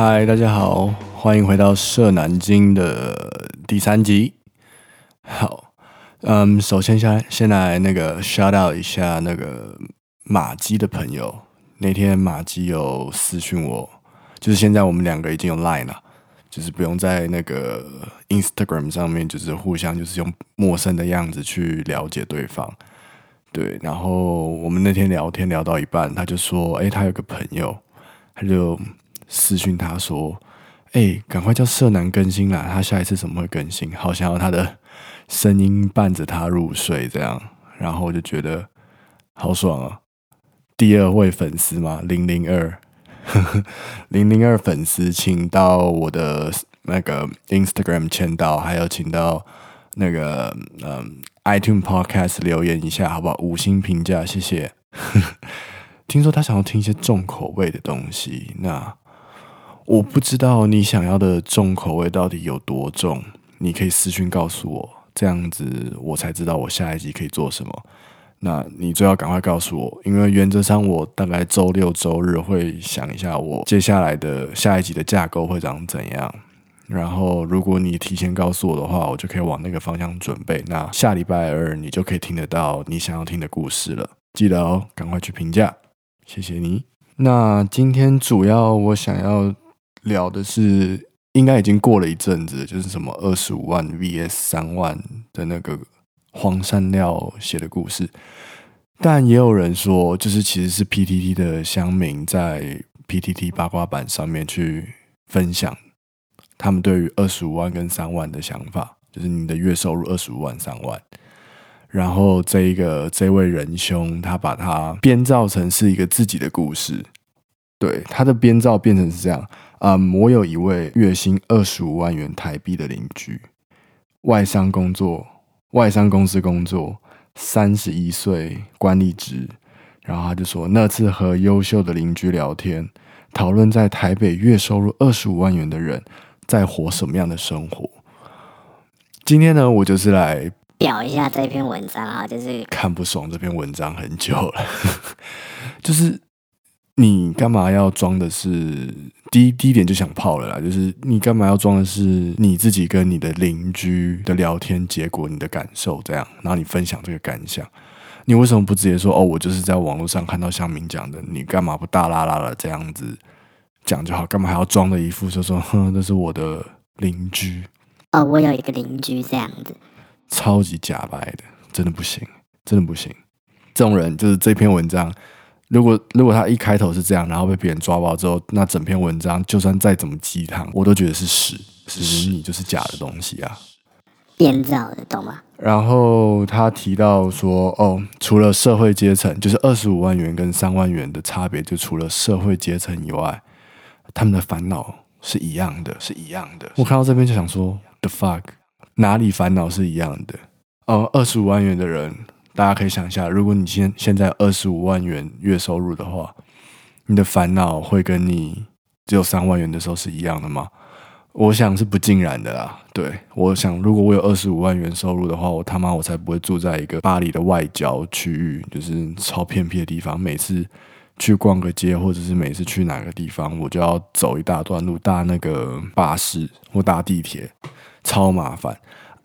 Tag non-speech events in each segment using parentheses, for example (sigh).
嗨，Hi, 大家好，歡迎回到《社男經》的第三集。好，嗯，首先先先來那個 shout out 一下那個馬基的朋友。那天馬基有私訊我，就是現在我們兩個已經有 line 了，就是不用在那個 Instagram 上面，就是互相就是用陌生的樣子去了解對方。對，然後我們那天聊天聊到一半，他就說：“哎，他有個朋友，他就。”私訊他說：“哎、欸，趕快叫色男更新啦！他下一次怎麼會更新？好想要他的聲音伴着他入睡，這樣。然後我就覺得好爽啊！第二位粉絲嘛，零零二，零零二粉絲，請到我的那個 Instagram 簽到，還有請到那個嗯 iTunes Podcast 留言一下，好不好？五星評價，謝謝。 (laughs) 聽說他想要聽一些重口味的東西，那……”我不知道你想要的重口味到底有多重，你可以私訊告訴我，這樣子我才知道我下一集可以做什麼。那你最好趕快告訴我，因為原則上我大概週六週日會想一下我接下來的下一集的架構會長怎樣。然後如果你提前告訴我的話，我就可以往那個方向準備。那下禮拜二你就可以聽得到你想要聽的故事了。記得哦，趕快去評價，謝謝你。那今天主要我想要。聊的是，應該已經過了一陣子，就是什麼二十五萬 vs 三萬的那個黃山料寫的故事，但也有人說，就是其實是 PTT 的鄉民在 PTT 八卦版上面去分享他們對於二十五萬跟三萬的想法，就是你的月收入二十五萬三萬，然後這一個，這位仁兄他把它編造成是一個自己的故事，對，他的編造變成是這樣。啊，我、嗯、有一位月薪二十五萬元台幣的鄰居，外商工作，外商公司工作，三十一歲，管理職。然後他就說，那次和優秀的鄰居聊天，討論在台北月收入二十五萬元的人在活什麼樣的生活。今天呢，我就是來表一下這篇文章啊，就是看不爽這篇文章很久了， (laughs) 就是。你幹嘛要裝的是第一，第一點就想泡了啦？就是你幹嘛要裝的是你自己跟你的鄰居的聊天結果，你的感受這樣，然後你分享這個感想，你為什麼不直接說哦，我就是在網絡上看到鄉民講的，你幹嘛不大啦啦的這樣子講就好，幹嘛還要裝的一副說說哼，這是我的鄰居哦，我有一個鄰居這樣子，超級假掰的，真的不行，真的不行，這種人就是這篇文章，如果如果他一開頭是這樣，然後被別人抓包之後，那整篇文章就算再怎麼雞湯，我都覺得是屎，屎是你就是假的東西啊，編造的，懂嗎？然後他提到說，哦，除了社會階層，就是二十五萬元跟三萬元的差別，就除了社會階層以外，他們的煩惱是一樣的，是一樣的。樣的，我看到這邊就想說的，the fuck，哪裡煩惱是一樣的？哦，二十五萬元的人。大家可以想一下，如果你現現在二十五萬元月收入的話，你的煩惱會跟你只有三萬元的時候是一樣的嗎？我想是不盡然的啦。對，我想如果我有二十五萬元收入的話，我他媽我才不會住在一個巴黎的外郊區域，就是超偏僻的地方。每次去逛個街，或者是每次去哪個地方，我就要走一大段路，搭那個巴士或搭地鐵，超麻煩。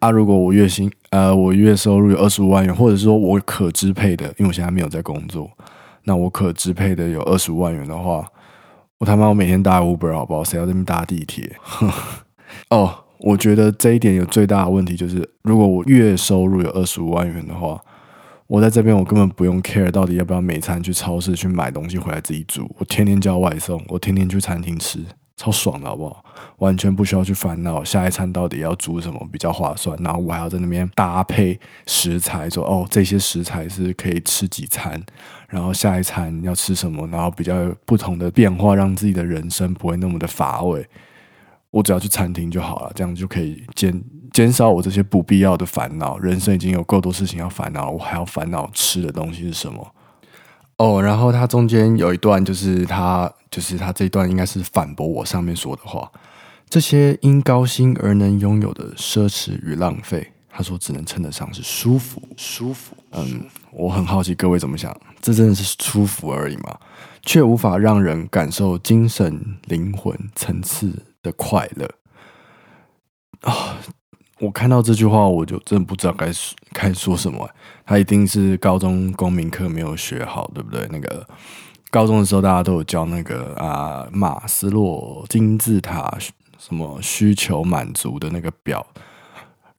那、啊、如果我月薪呃，我月收入有二十五萬元，或者說我可支配的，因為我現在沒有在工作，那我可支配的有二十五萬元的話，我他媽我每天搭 Uber 好不好？誰要這邊搭地鐵？呵呵。哦，我覺得這一點有最大的問題就是，如果我月收入有二十五萬元的話，我在這邊我根本不用 care 到底要不要每餐去超市去買東西回來自己煮，我天天叫外送，我天天去餐廳吃。超爽的好不好？完全不需要去煩惱下一餐到底要煮什麼比較划算，然後我還要在那邊搭配食材，說哦，這些食材是可以吃幾餐，然後下一餐要吃什麼，然後比較不同的變化，讓自己的人生不會那麼的乏味。我只要去餐廳就好了，這樣就可以減減少我這些不必要的煩惱。人生已經有夠多事情要煩惱，我還要煩惱吃的東西是什麼？哦，然後他中間有一段，就是他，就是他這一段應該是反駁我上面說的話。這些因高薪而能擁有的奢侈與浪費，他說只能稱得上是舒服，舒服。舒服，嗯，我很好奇各位怎麼想，這真的是舒服而已嗎？卻無法讓人感受精神、靈魂層次的快樂啊！哦我看到這句話，我就真的不知道該說該說什麼啊。他一定是高中公民課沒有學好，對不對？那個高中的時候，大家都有教那個啊，馬斯洛金字塔什麼需求滿足的那個表，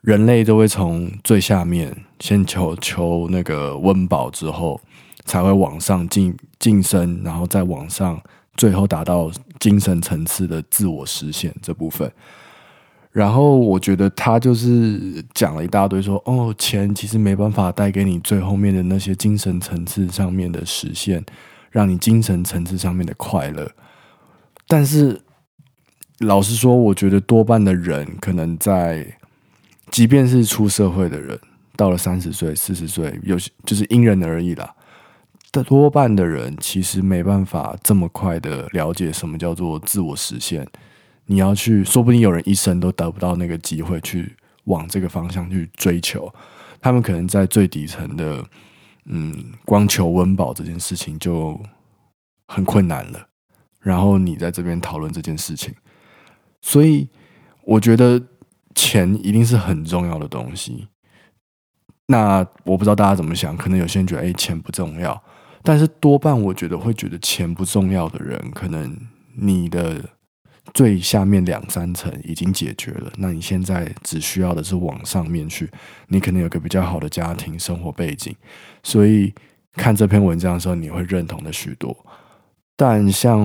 人類都會從最下面先求求那個溫飽，之後才會往上進晉升，然後再往上，最後達到精神層次的自我實現這部分。然後我覺得他就是講了一大堆說，說哦，錢其實沒辦法帶給你最後面的那些精神層次上面的實現，讓你精神層次上面的快樂。但是老實說，我覺得多半的人可能在，即便是出社會的人，到了三十歲、四十歲，有些就是因人而異啦。但多半的人其實沒辦法這麼快的了解什麼叫做自我實現。你要去，說不定有人一生都得不到那個機會去往這個方向去追求。他們可能在最底層的，嗯，光求溫飽這件事情就很困難了。然後你在這邊討論這件事情，所以我覺得錢一定是很重要的東西。那我不知道大家怎麼想，可能有些人覺得誒、哎，錢不重要。但是多半我覺得會覺得錢不重要的人，可能你的。最下面兩三層已經解決了，那你現在只需要的是往上面去。你可能有個比較好的家庭生活背景，所以看這篇文章的時候，你會認同的許多。但像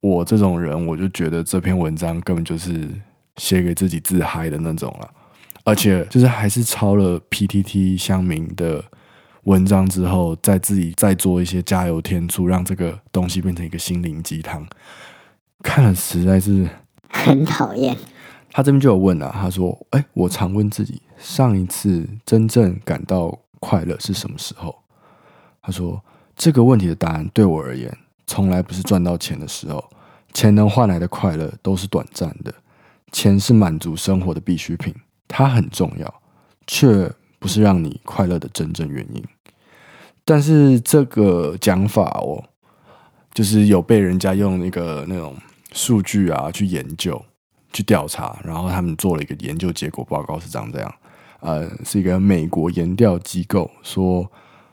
我這種人，我就覺得這篇文章根本就是寫給自己自嗨的那種了，而且就是還是抄了 PTT 鄉民的文章之後，再自己再做一些加油添醋，讓這個東西變成一個心靈雞湯。看了實在是很，很討厭。他這邊就有問啊，他說：“哎，我常問自己，上一次真正感到快樂是什麼時候？”他說：“這個問題的答案對我而言，從來不是賺到錢的時候。錢能換來的快樂都是短暫的，錢是滿足生活的必需品，它很重要，卻不是讓你快樂的真正原因。”但是這個講法哦。就是有被人家用一、那個那種數據啊去研究、去調查，然後他們做了一個研究結果報告是長這樣。呃，是一個美國研調機構說，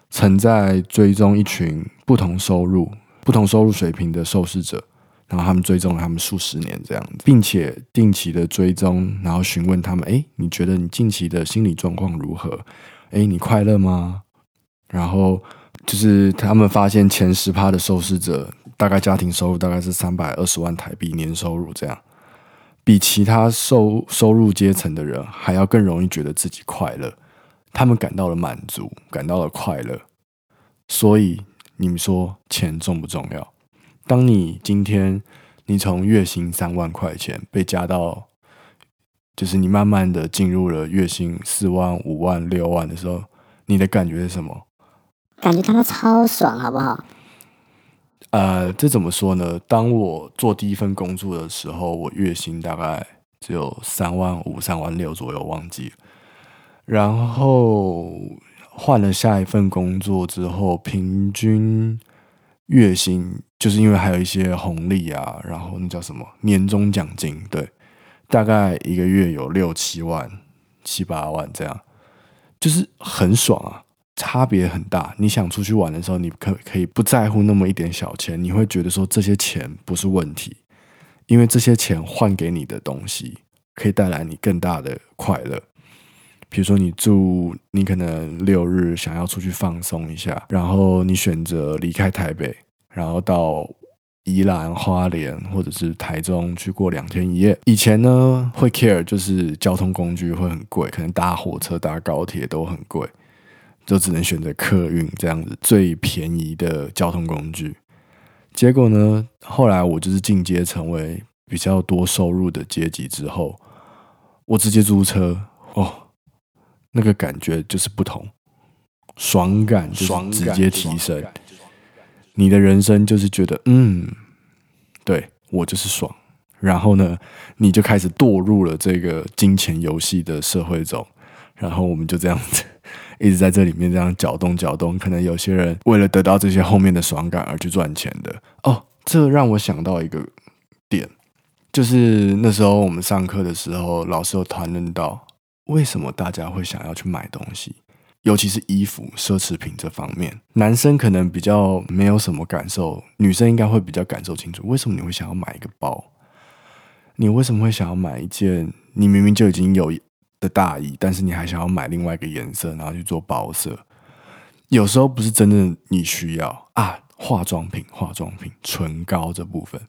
曾在追蹤一群不同收入、不同收入水平的受試者，然後他們追蹤了他們數十年這樣子，並且定期的追蹤，然後詢問他們：誒，你覺得你近期的心理狀況如何？誒，你快樂嗎？然後。就是他們發現前十趴的受試者，大概家庭收入大概是三百二十萬台幣年收入這樣，比其他收收入階層的人還要更容易覺得自己快樂，他們感到了滿足，感到了快樂。所以你們說錢重不重要？當你今天你從月薪三萬塊錢被加到，就是你慢慢的進入了月薪四萬、五萬、六萬的時候，你的感覺是什麼？感覺看到超爽，好不好？呃，這怎麼說呢？當我做第一份工作的時候，我月薪大概只有三萬五、三萬六左右，忘記了。然後換了下一份工作之後，平均月薪就是因為還有一些紅利啊，然後那叫什麼？年終獎金，對，大概一個月有六七萬、七八萬這樣，就是很爽啊。差別很大。你想出去玩的時候，你可可以不在乎那麼一點小錢，你會覺得說，這些錢不是問題，因為這些錢換給你的東西可以帶來你更大的快樂。比如說，你住，你可能六日想要出去放鬆一下，然後你選擇離開台北，然後到宜蘭花蓮或者是台中去過兩天一夜。以前呢，會 care 就是交通工具會很貴，可能搭火車、搭高鐵都很貴。就只能選擇客運這樣子最便宜的交通工具。結果呢？後來我就是進階成為比較多收入的階級之後，我直接租車哦，那個感覺就是不同，爽感就直接提升。你的人生就是覺得嗯，對我就是爽。然後呢，你就開始墮入了這個金錢遊戲的社會中。然後我們就這樣子。一直在這裡面這樣攪動攪動，可能有些人為了得到這些後面的爽感而去賺錢的。哦，這讓我想到一個點，就是那時候我們上課的時候，老師有談論到，為什麼大家會想要去買東西，尤其是衣服、奢侈品這方面。男生可能比較沒有什麼感受，女生應該會比較感受清楚。為什麼你會想要買一個包？你為什麼會想要買一件？你明明就已經有。的大衣，但是你還想要買另外一個顏色，然後去做包色。有時候不是真的你需要啊。化妝品，化妝品，唇膏這部分，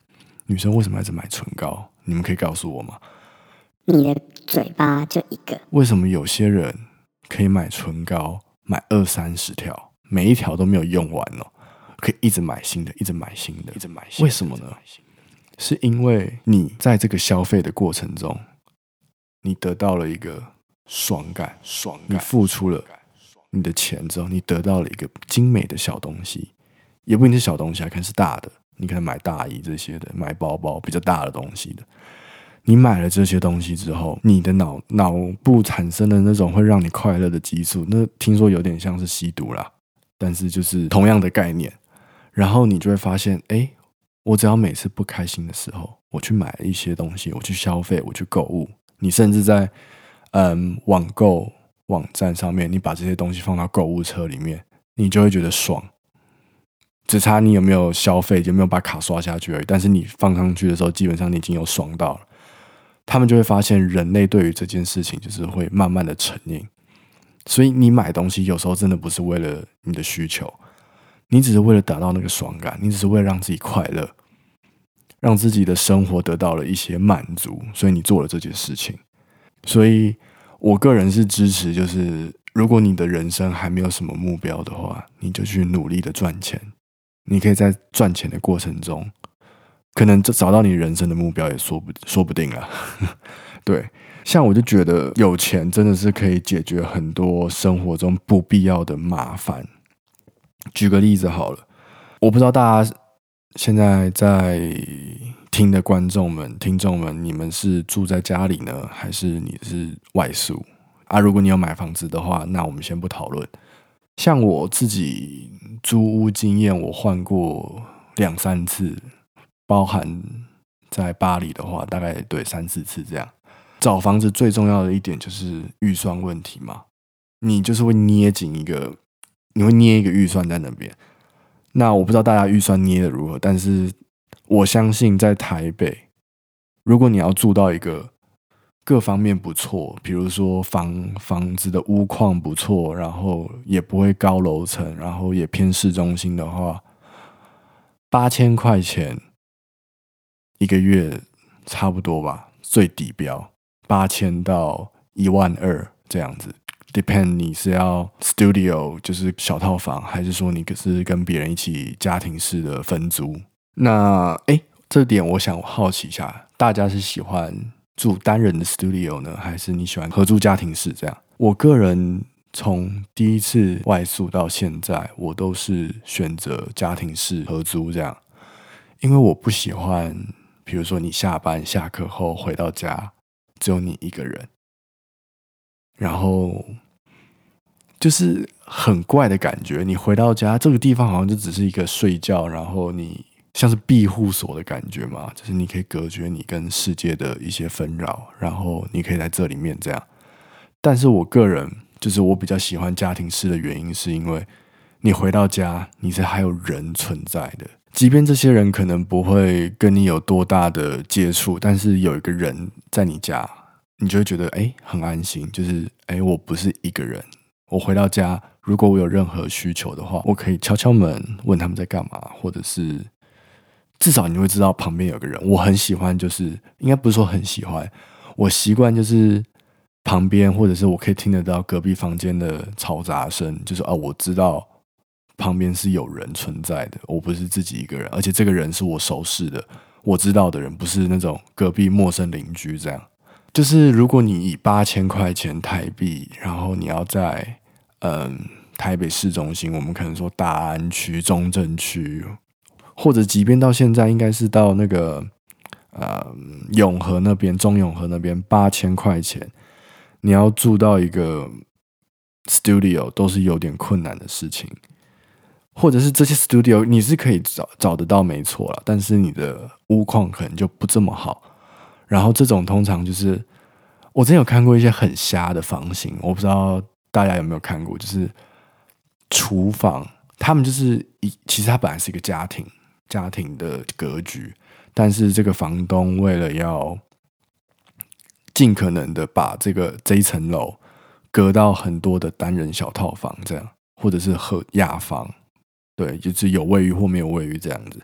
女生為什麼一直買唇膏？你們可以告訴我嗎？你的嘴巴就一個，為什麼有些人可以買唇膏買二三十條，每一條都沒有用完哦，可以一直買新的，一直買新的，一直買新的，為什麼呢？是因為你在這個消費的過程中。你得到了一個爽感，爽感，付出了你的錢之後，你得到了一個精美的小東西，也不一定是小東西，啊，可能是大的，你看買大衣這些的，買包包比較大的東西的。你買了這些東西之後，你的腦腦部產生的那種會讓你快樂的激素，那聽說有點像是吸毒啦，但是就是同樣的概念。然後你就會發現，哎，我只要每次不開心的時候，我去買一些東西，我去消費，我去購物。你甚至在，嗯，網購網站上面，你把這些東西放到購物車裡面，你就會覺得爽，只差你有沒有消費，就沒有把卡刷下去而已。但是你放上去的時候，基本上你已經有爽到了。他們就會發現，人類對於這件事情就是會慢慢的成癮。所以你買東西有時候真的不是為了你的需求，你只是為了達到那個爽感，你只是為了讓自己快樂。讓自己的生活得到了一些滿足，所以你做了這件事情。所以，我個人是支持，就是如果你的人生還沒有什麼目標的話，你就去努力的賺錢。你可以在賺錢的過程中，可能就找到你人生的目標，也說不說不定啊。 (laughs) 對，像我就覺得有錢真的是可以解決很多生活中不必要的麻煩。舉個例子好了，我不知道大家。現在在聽的觀眾們、聽眾們，你們是住在家裡呢，還是你是外宿啊？如果你有買房子的話，那我們先不討論。像我自己租屋經驗，我換過兩三次，包含在巴黎的話，大概對三四次這樣。找房子最重要的一點就是預算問題嘛，你就是會捏緊一個，你會捏一個預算在那邊。那我不知道大家預算捏得如何，但是我相信在台北，如果你要住到一個各方面不錯，比如說房房子的屋況不錯，然後也不會高樓層，然後也偏市中心的話，八千塊錢一個月差不多吧，最底標，八千到一萬二這樣子。depend 你是要 studio 就是小套房，還是說你是跟別人一起家庭式的分租？那哎，這點我想好奇一下，大家是喜歡住單人的 studio 呢，還是你喜歡合租家庭式這樣？我個人從第一次外宿到現在，我都是選擇家庭式合租這樣，因為我不喜歡，比如說你下班下課後回到家只有你一個人，然後。就是很怪的感覺，你回到家這個地方好像就只是一個睡覺，然後你像是庇護所的感覺嘛，就是你可以隔絕你跟世界的一些紛擾，然後你可以在這裡面這樣。但是我個人就是我比較喜歡家庭式的原因，是因為你回到家，你是還有人存在的，即便這些人可能不會跟你有多大的接觸，但是有一個人在你家，你就會覺得欸，很安心，就是欸，我不是一個人。我回到家，如果我有任何需求的話，我可以敲敲門問他們在幹嘛，或者是至少你會知道旁邊有個人。我很喜歡，就是應該不是說很喜歡，我習慣就是旁邊或者是我可以聽得到隔壁房間的嘈雜聲，就說、是、啊、哦，我知道旁邊是有人存在的，我不是自己一個人，而且這個人是我熟識的，我知道的人，不是那種隔壁陌生鄰居這樣。就是如果你以八千塊錢台幣，然後你要在嗯、呃，台北市中心，我們可能說大安區、中正區，或者即便到現在，應該是到那個嗯、呃、永和那邊、中永和那邊八千塊錢，你要住到一個 studio 都是有點困難的事情。或者是這些 studio 你是可以找找得到，沒錯了，但是你的屋況可能就不這麼好。然後這種通常就是，我之前有看過一些很瞎的房型，我不知道。大家有沒有看過？就是廚房，他們就是一其實它本來是一個家庭家庭的格局，但是這個房東為了要盡可能的把這個這一層樓隔到很多的單人小套房，這樣或者是和雅房，對，就是有衛浴或沒有衛浴這樣子，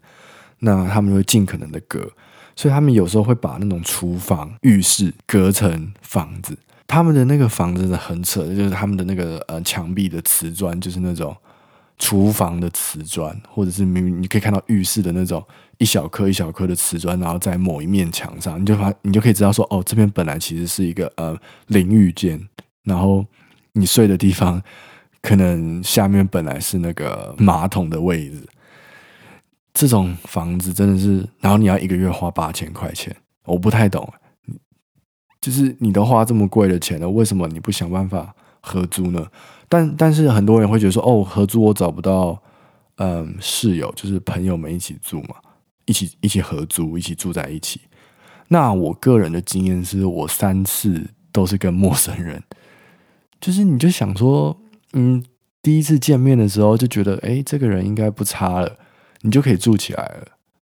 那他們就會盡可能的隔，所以他們有時候會把那種廚房、浴室隔成房子。他們的那個房子很扯，就是他們的那個呃牆壁的瓷磚，就是那種廚房的瓷磚，或者是明明你可以看到浴室的那種一小顆一小顆的瓷磚，然後在某一面牆上，你就發你就可以知道說哦，這邊本來其實是一個呃淋浴間，然後你睡的地方可能下面本來是那個馬桶的位置。這種房子真的是，然後你要一個月花八千塊錢，我不太懂欸。就是你都花這麼貴的錢了，為什麼你不想辦法合租呢？但但是很多人會覺得說，哦，合租我找不到，嗯，室友，就是朋友們一起住嘛，一起一起合租，一起住在一起。那我個人的經驗是我三次都是跟陌生人。就是你就想說，嗯，第一次見面的時候就覺得，欸，這個人應該不差了，你就可以住起來了。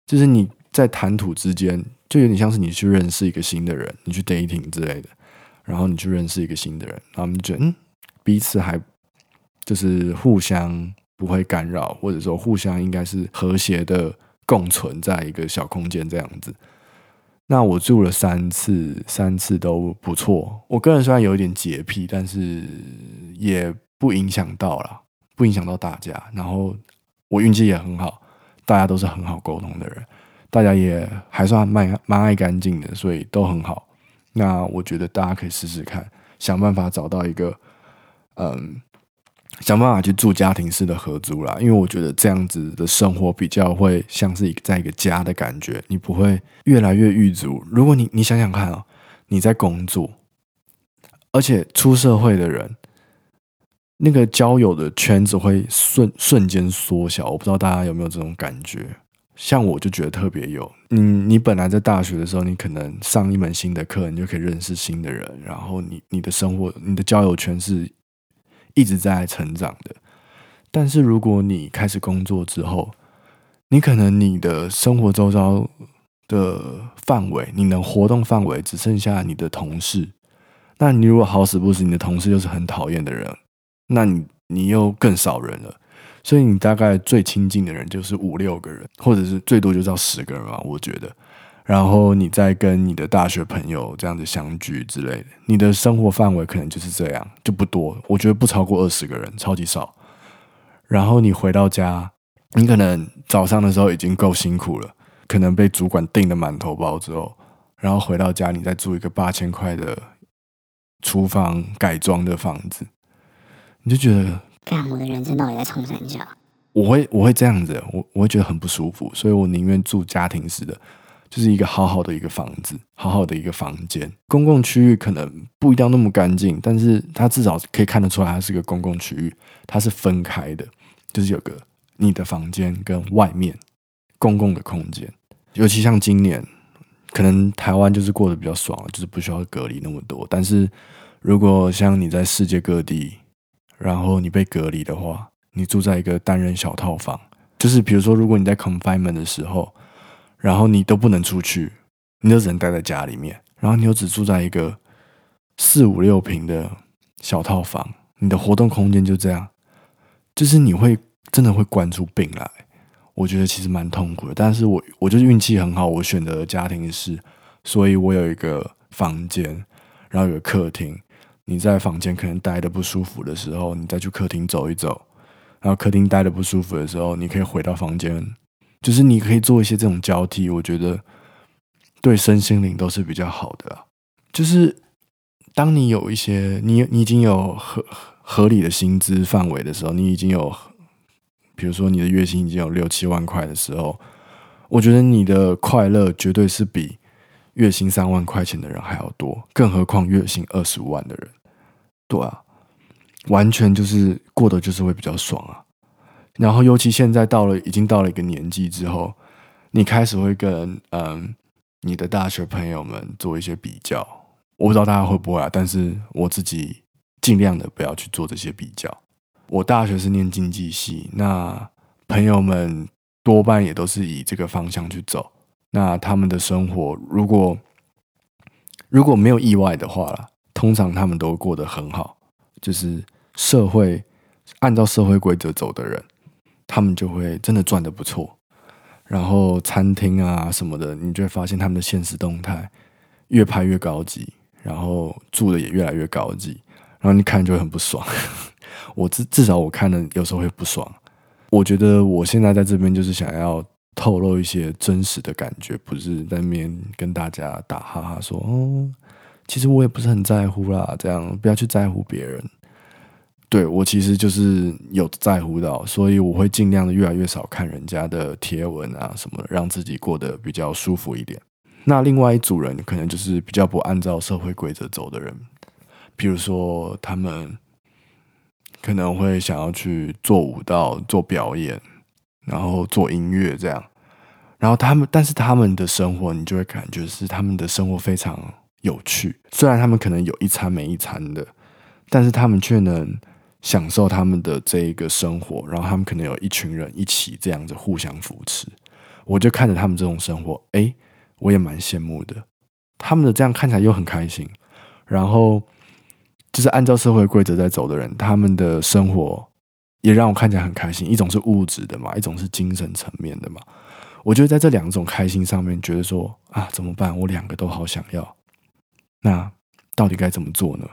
就是你在談吐之間。就有點像是你去認識一個新的人，你去 dating 之類的，然後你去認識一個新的人，然後你覺得嗯，彼此還就是互相不會干擾，或者說互相應該是和諧的共存在一個小空間這樣子。那我住了三次，三次都不錯。我個人雖然有一點潔癖，但是也不影響到啦，不影響到大家。然後我運氣也很好，大家都是很好溝通的人。大家也還算蠻蠻愛乾淨的，所以都很好。那我覺得大家可以試試看，想辦法找到一個，嗯，想辦法去住家庭式的合租啦。因為我覺得這樣子的生活比較會像是一個在一個家的感覺，你不會越來越鬱卒。如果你你想想看喔，你在工作，而且出社會的人，那個交友的圈子會瞬瞬間縮小。我不知道大家有沒有這種感覺。像我就覺得特別有，你你本來在大學的時候，你可能上一門新的課，你就可以認識新的人，然後你你的生活、你的交友圈是一直在成長的。但是如果你開始工作之後，你可能你的生活周遭的範圍，你能活動範圍只剩下你的同事。那你如果好死不死，你的同事又是很討厭的人，那你你又更少人了。所以你大概最親近的人就是五六個人，或者是最多就到十個人吧，我覺得。然後你再跟你的大學朋友這樣子相聚之類的，你的生活範圍可能就是這樣，就不多。我覺得不超過二十個人，超級少。然後你回到家，你可能早上的時候已經夠辛苦了，可能被主管釘得滿頭包之後，然後回到家你再租一個八千塊的廚房改裝的房子，你就覺得。看我的人生到也在重生一下，我會我會這樣子，我我會覺得很不舒服，所以我寧願住家庭式的，就是一個好好的一個房子，好好的一個房間，公共區域可能不一定要那麼乾淨，但是它至少可以看得出來，它是個公共區域，它是分開的，就是有個你的房間跟外面公共，共的空間。尤其像今年，可能台灣就是過得比較爽了，就是不需要隔離那麼多。但是如果像你在世界各地，然後你被隔離的話，你住在一個單人小套房，就是比如說，如果你在 confinement 的時候，然後你都不能出去，你就只能待在家裡面，然後你又只住在一個四五六坪的小套房，你的活動空間就這樣，就是你會真的會關出病來。我覺得其實蠻痛苦的，但是我我就運氣很好，我選擇的家庭式，所以我有一個房間，然後有個客廳。你在房間可能待得不舒服的時候，你再去客廳走一走；然後客廳待得不舒服的時候，你可以回到房間，就是你可以做一些這種交替。我覺得對身心靈都是比較好的。就是當你有一些，你你已經有合合理的薪資範圍的時候，你已經有，比如說你的月薪已經有六七萬塊的時候，我覺得你的快樂絕對是比月薪三萬塊錢的人還要多，更何況月薪二十五萬的人。對啊，完全就是過得就是會比較爽啊。然後，尤其現在到了已經到了一個年紀之後，你開始會跟嗯你的大學朋友們做一些比較。我不知道大家會不會啊，但是我自己儘量的不要去做這些比較。我大學是念經濟系，那朋友們多半也都是以這個方向去走。那他們的生活，如果如果沒有意外的話啦通常他們都過得很好，就是社會按照社會規則走的人，他們就會真的賺得不錯。然後餐廳啊什麼的，你就會發現他們的現實動態越拍越高級，然後住得也越來越高級，然後你看就很不爽。我至至少我看的有時候會不爽。我覺得我現在在這邊就是想要透露一些真實的感覺，不是在那邊跟大家打哈哈說哦。其實我也不是很在乎啦，這樣不要去在乎別人。對，我其實就是有在乎到，所以我會儘量的越來越少看人家的貼文啊什麼的，讓自己過得比較舒服一點。那另外一組人可能就是比較不按照社會規則走的人，比如說他們可能會想要去做舞蹈、做表演，然後做音樂這樣。然後他們，但是他們的生活你就會感覺是他們的生活非常有趣，雖然他們可能有一餐沒一餐的，但是他們卻能享受他們的這一個生活。然後他們可能有一群人一起這樣子互相扶持。我就看着他們這種生活，哎、欸，我也蠻羨慕的。他們的這樣看起來又很開心，然後就是按照社會規則在走的人，他們的生活也讓我看起來很開心。一種是物質的嘛，一種是精神層面的嘛。我就在這兩種開心上面，覺得說啊，怎麼辦？我兩個都好想要。那到底該怎麼做呢？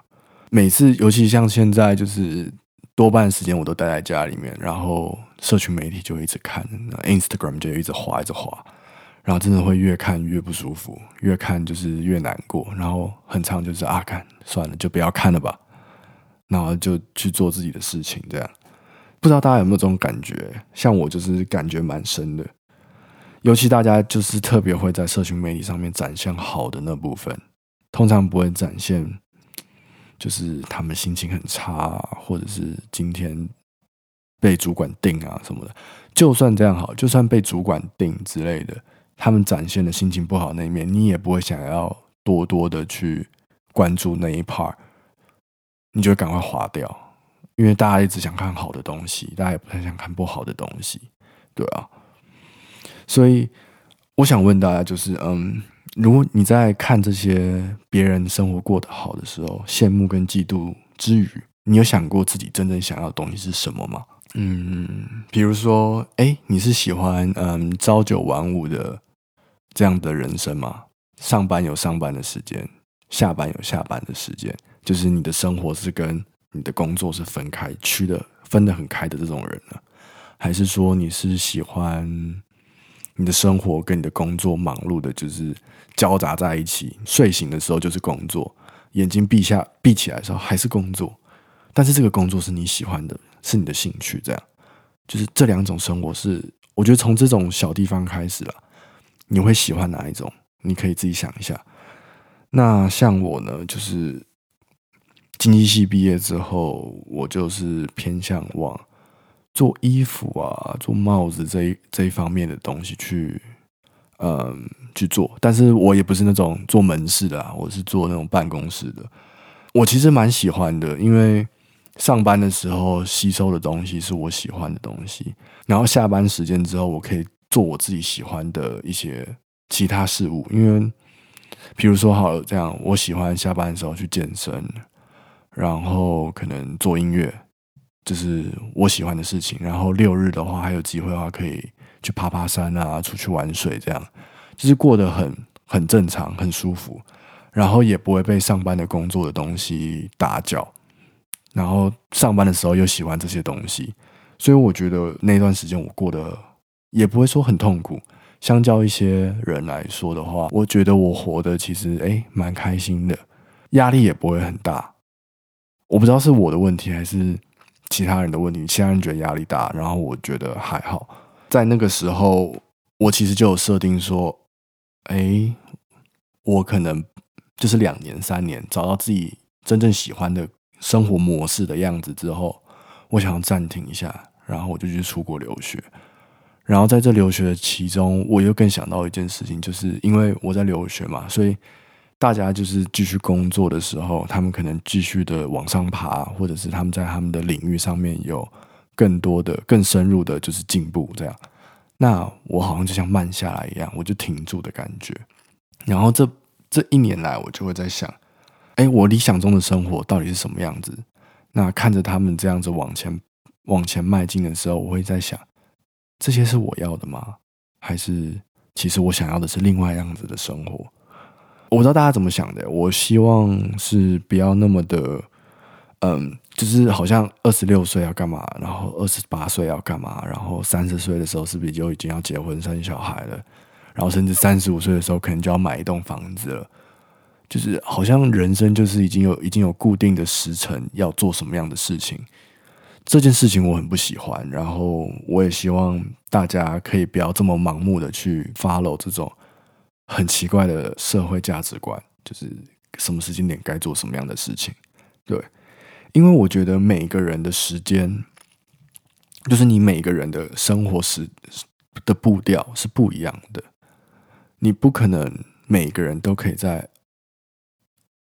每次，尤其像現在，就是多半時間我都待在家裡面，然後社群媒體就一直看，Instagram 就一直滑，一直滑，然後真的會越看越不舒服，越看就是越難過，然後很常就是啊，幹，算了，就不要看了吧，然後就去做自己的事情，這樣。不知道大家有沒有這種感覺？像我就是感覺蠻深的，尤其大家就是特別會在社群媒體上面展現好的那部分。通常不會展現，就是他們心情很差啊，或者是今天被主管定啊什麼的。就算這樣好，就算被主管定之類的，他們展現的心情不好那一面，你也不會想要多多的去關注那一 part。你就會趕快劃掉，因為大家一直想看好的東西，大家也不太想看不好的東西，對啊。所以我想問大家，就是嗯。如果你在看這些別人生活過得好的時候，羨慕跟嫉妒之餘，你有想過自己真正想要的東西是什麼嗎？嗯，比如說，哎、欸，你是喜歡嗯朝九晚五的這樣的人生嗎？上班有上班的時間，下班有下班的時間，就是你的生活是跟你的工作是分開，區的分得很開的這種人呢？還是說你是喜歡？你的生活跟你的工作忙碌的，就是交雜在一起。睡醒的時候就是工作，眼睛閉下閉起來的時候還是工作。但是這個工作是你喜歡的，是你的興趣，這樣就是這兩種生活是。我覺得從這種小地方開始了，你會喜歡哪一種？你可以自己想一下。那像我呢，就是經濟系畢業之後，我就是偏向往。做衣服啊，做帽子這一這一方面的東西去，嗯，去做。但是我也不是那種做門市的，啊，我是做那種辦公室的。我其實蠻喜歡的，因為上班的時候吸收的東西是我喜歡的東西，然後下班時間之後，我可以做我自己喜歡的一些其他事物。因為，比如說好，好這樣，我喜歡下班的時候去健身，然後可能做音樂。就是我喜歡的事情，然後六日的話還有機會的話，可以去爬爬山啊，出去玩水這樣，就是過得很很正常，很舒服，然後也不會被上班的工作的東西打攪，然後上班的時候又喜歡這些東西，所以我覺得那段時間我過得也不會說很痛苦，相較一些人來說的話，我覺得我活得其實誒蠻開心的，壓力也不會很大，我不知道是我的問題還是。其他人的問題，其他人覺得壓力大，然後我覺得還好。在那個時候，我其實就有設定說，哎，我可能就是兩年、三年，找到自己真正喜歡的生活模式的樣子之後，我想要暫停一下，然後我就去出國留學。然後在這留學的其中，我又更想到一件事情，就是因為我在留學嘛，所以。大家就是繼續工作的時候，他們可能繼續的往上爬，或者是他們在他們的領域上面有更多的、更深入的，就是進步這樣。那我好像就像慢下來一樣，我就停住的感覺。然後這這一年來，我就會在想：欸，我理想中的生活到底是什麼樣子？那看着他們這樣子往前往前邁進的時候，我會在想：這些是我要的嗎？還是其實我想要的是另外樣子的生活？我不知道大家怎麼想的，我希望是不要那麼的，嗯，就是好像二十六歲要幹嘛，然後二十八歲要幹嘛，然後三十歲的時候是不是就已經要結婚生小孩了？然後甚至三十五歲的時候，可能就要買一棟房子了。就是好像人生就是已經有已經有固定的時程要做什麼樣的事情，這件事情我很不喜歡。然後我也希望大家可以不要這麼盲目的去 follow 這種。很奇怪的社會價值觀，就是什麼時間點該做什麼樣的事情。對，因為我覺得每一個人的時間，就是你每個人的生活時的步調是不一樣的。你不可能每個人都可以在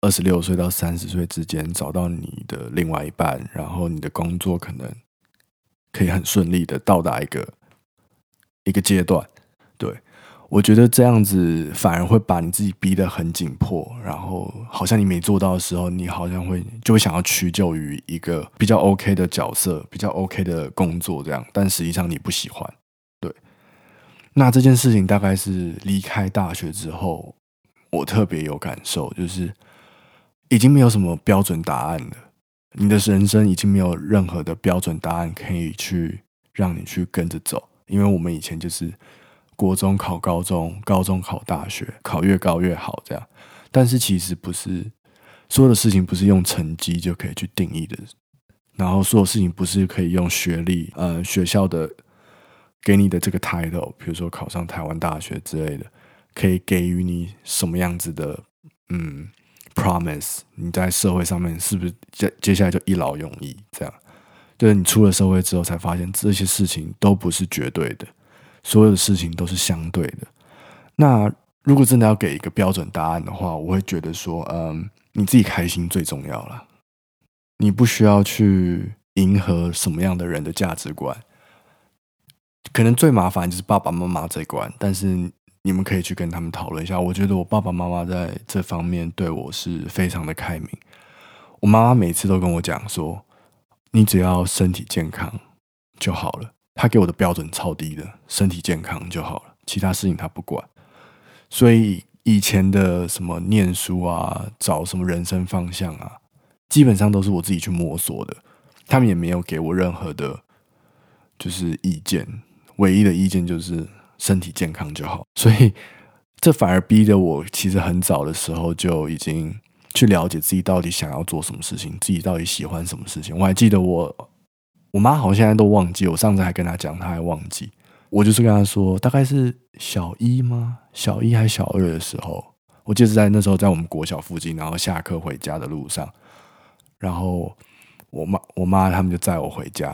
二十六歲到三十歲之間找到你的另外一半，然後你的工作可能可以很順利的到達一個一個階段。對。我覺得這樣子反而會把你自己逼得很緊迫，然後好像你沒做到的時候，你好像會就會想要屈就於一個比較 OK 的角色、比較 OK 的工作這樣，但實際上你不喜歡。對，那這件事情大概是離開大學之後，我特別有感受，就是已經沒有什麼標準答案了，你的人生已經沒有任何的標準答案可以去讓你去跟着走，因為我們以前就是。國中考高中，高中考大學，考越高越好，這樣。但是其實不是所有的事情不是用成績就可以去定義的，然後所有的事情不是可以用學歷，呃，學校的給你的這個 title，比如說考上台灣大學之類的，可以給予你什麼樣子的，嗯 promise？你在社會上面是不是接接下來就一勞永逸？這樣，就是你出了社會之後才發現，這些事情都不是絕對的。所有的事情都是相對的。那如果真的要給一個標準答案的話，我會覺得說，嗯，你自己開心最重要啦。你不需要去迎合什麼樣的人的價值觀。可能最麻煩就是爸爸媽媽這一關，但是你們可以去跟他們討論一下。我覺得我爸爸媽媽在這方面對我是非常的開明。我媽媽每次都跟我講說，你只要身體健康就好了。他給我的標準超低的，身體健康就好了，其他事情他不管。所以以前的什麼念書啊、找什麼人生方向啊，基本上都是我自己去摸索的。他們也沒有給我任何的，就是意見。唯一的意見就是身體健康就好。所以這反而逼着我，其實很早的時候就已經去了解自己到底想要做什麼事情，自己到底喜歡什麼事情。我還記得我。我媽好像現在都忘記，我上次還跟她講，她還忘記。我就是跟她說，大概是小一嗎？小一還是小二的時候，我就是在那時候在我們國小附近，然後下課回家的路上，然後我媽我媽他們就載我回家，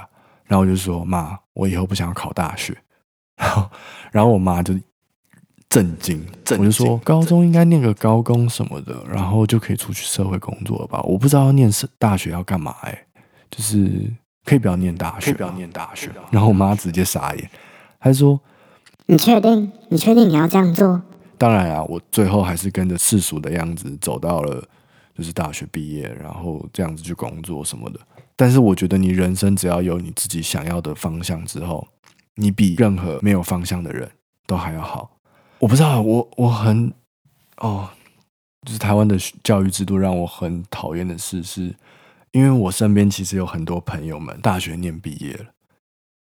然後我就說媽，我以後不想要考大學。然後然後我媽就震驚，正經我就說高中應該念個高工什麼的，經然後就可以出去社會工作了吧？我不知道念大學要幹嘛，欸，哎，就是。嗯可以不要念大學，不要念大學。啊、然後我媽直接傻眼，她說：“你確定？你確定你要這樣做？”當然啊，我最後還是跟着世俗的樣子走到了，就是大學畢業，然後這樣子去工作什麼的。但是我覺得，你人生只要有你自己想要的方向之後，你比任何沒有方向的人都還要好。我不知道，我我很哦,就是台灣的教育制度讓我很討厭的事是。因為我身邊其實有很多朋友們，大學念畢業了，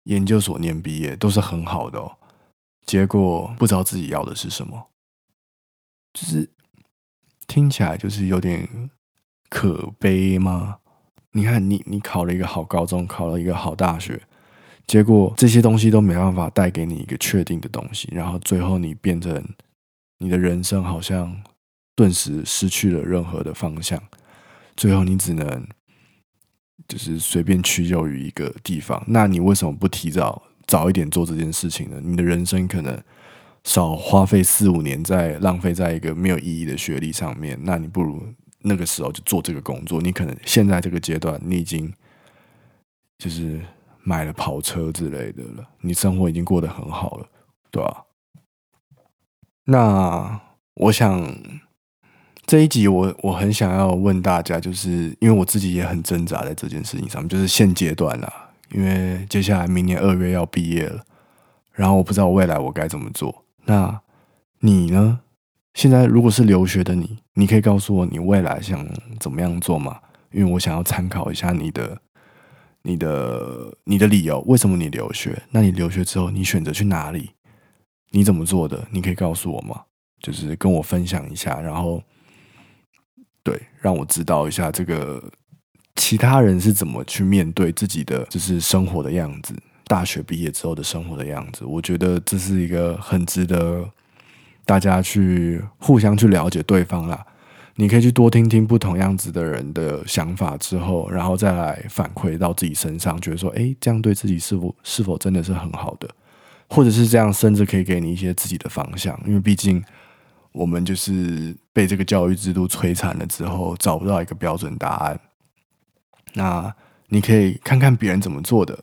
研究所念畢業都是很好的哦，結果不知道自己要的是什麼，就是聽起來就是有點可悲嗎？你看你，你你考了一個好高中，考了一個好大學，結果這些東西都沒辦法帶給你一個確定的東西，然後最後你變成你的人生好像頓時失去了任何的方向，最後你只能。就是隨便屈就於一個地方，那你為什麼不提早早一點做這件事情呢？你的人生可能少花費四五年在浪費在一個沒有意義的學歷上面，那你不如那個時候就做這個工作。你可能現在這個階段，你已經就是買了跑車之類的了，你生活已經過得很好了，對吧？那我想。這一集我我很想要問大家，就是因為我自己也很掙扎在這件事情上面。就是現階段啦、啊，因為接下來明年二月要畢業了，然後我不知道未來我該怎麼做。那你呢？現在如果是留學的你，你可以告訴我你未來想怎麼樣做嗎？因為我想要參考一下你的、你的、你的理由，為什麼你留學？那你留學之後，你選擇去哪裡？你怎麼做的？你可以告訴我嗎？就是跟我分享一下，然後。對，讓我知道一下這個其他人是怎麼去面對自己的，就是生活的樣子。大學畢業之後的生活的樣子，我覺得這是一個很值得大家去互相去了解對方啦。你可以去多聽聽不同樣子的人的想法之後，然後再來反饋到自己身上，覺得說，誒，這樣對自己是否是否真的是很好的，或者是這樣，甚至可以給你一些自己的方向，因為畢竟。我們就是被這個教育制度摧殘了之後，找不到一個標準答案。那你可以看看別人怎麼做的，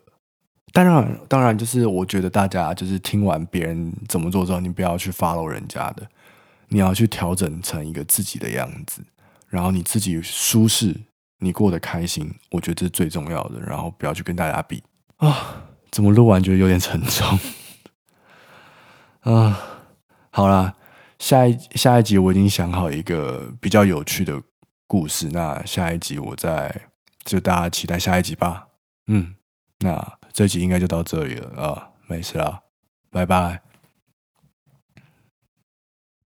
當然，當然就是我覺得大家就是聽完別人怎麼做之後，你不要去 follow 人家的，你要去調整成一個自己的樣子，然後你自己舒適，你過得開心，我覺得這是最重要的。然後不要去跟大家比啊、哦，怎麼錄完覺得有點沉重 (laughs) 啊，好啦。下一下一集，我已經想好一個比較有趣的故事，那下一集我再，就大家期待下一集吧。嗯，那這集應該就到這裡了啊、哦，沒事啦，拜拜。